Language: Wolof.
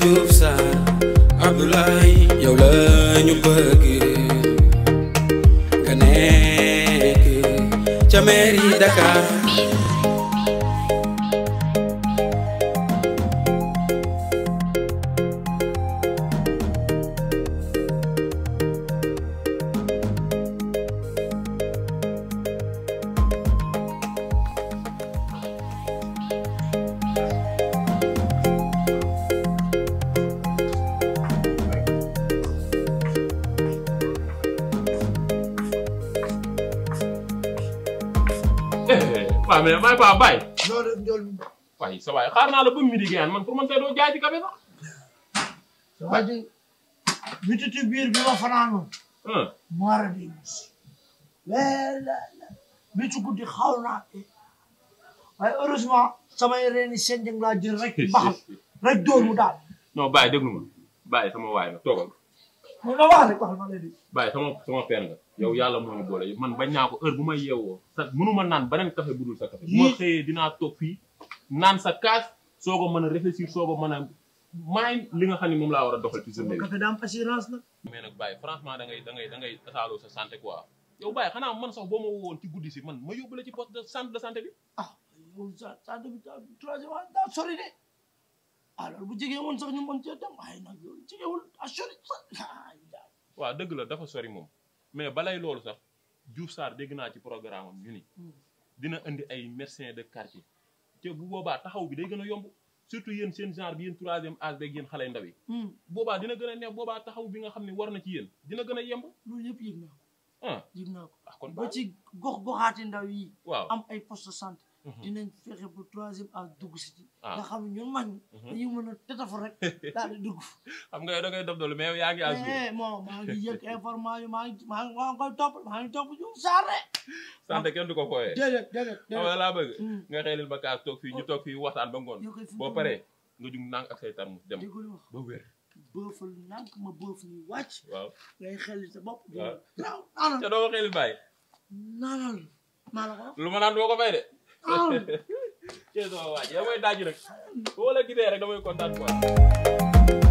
Diouf Sarr Abdoulaye yow la ñu bëgg nga nekk ca mairie Dakar waaw mais may paa bay. loolu loolu. waaye sa naa la ba midi gaan man pour man tey doo jaay ci café sax. waa ji bititi biir bi ma di gis. mais la la bi ci guddi xaw naa waaye heureusement samay reeni seen jëng laa baxal rek dóor mu daal. non bàyyi déglu ma bàyyi sama waay la toogal. mun na wax ne ko xamal leen. Baye sama sama père nga yow yàlla moo ñu boole man bañ naa ko heure bu may yeewoo sa mënuma naan beneen café bu dul sa café. bu xëyee dinaa toog fii naan sa kaas soo ko mën a réfléchir soo ko mën a maay li nga xam ne moom laa war a doxal ci journée bi. café daa am assurance la. mais nag Baye franchement da ngay da ngay da sa santé quoi yow Baye xanaa man sax boo ma woowoon ci guddi si man ma yóbbu la ci poste de centre de santé bi. ah sa santé bi daa ah, sori de. alors bu jege woon sax ñu mën cee dem waaye nag loolu jegewul a sori sax waaw dëgg la dafa sori moom mais balay loolu sax Diouf saar dégg naa ci programme am hmm. dina indi ay médecins de quartier te bu boobaa taxaw bi day gën a yomb surtout yéen seen genre yéen troisième âge beeg yéen xale ndaw yi hmm. boobaa dina gën a neex boobaa taxaw bi nga xam ne war na ci yéen dina gën a yemb loolu yëpp yëg naa ko ah. ah, kon ba ci gox goxaati ndaw yi waaw am ay poste de Mhm. dinañ fexe bu troisième a dugg si ci ah. nga xam ne ñun mag ñi mhm. dañu mën a tëtafu rek daal dugg xam nga yow da ngay dob doolu mais yow yaa ngi âge eh, moom eh, maa ngi yëg information maa maa ngi ko fooyee ah, mm. toog fii ñu oh. toog fii waxtaan ba ngoon boo paree nga jug nang ak say dem ba wér ma bëf ni wàcc waaw ngay xelil sa bopp waaw ca doo ko xelil bàyyi naanal maa lu ma naan doo ko fay de Cheers oh. sama waa ji damay daaj rek boo la gisee rek damay kontaan quoi.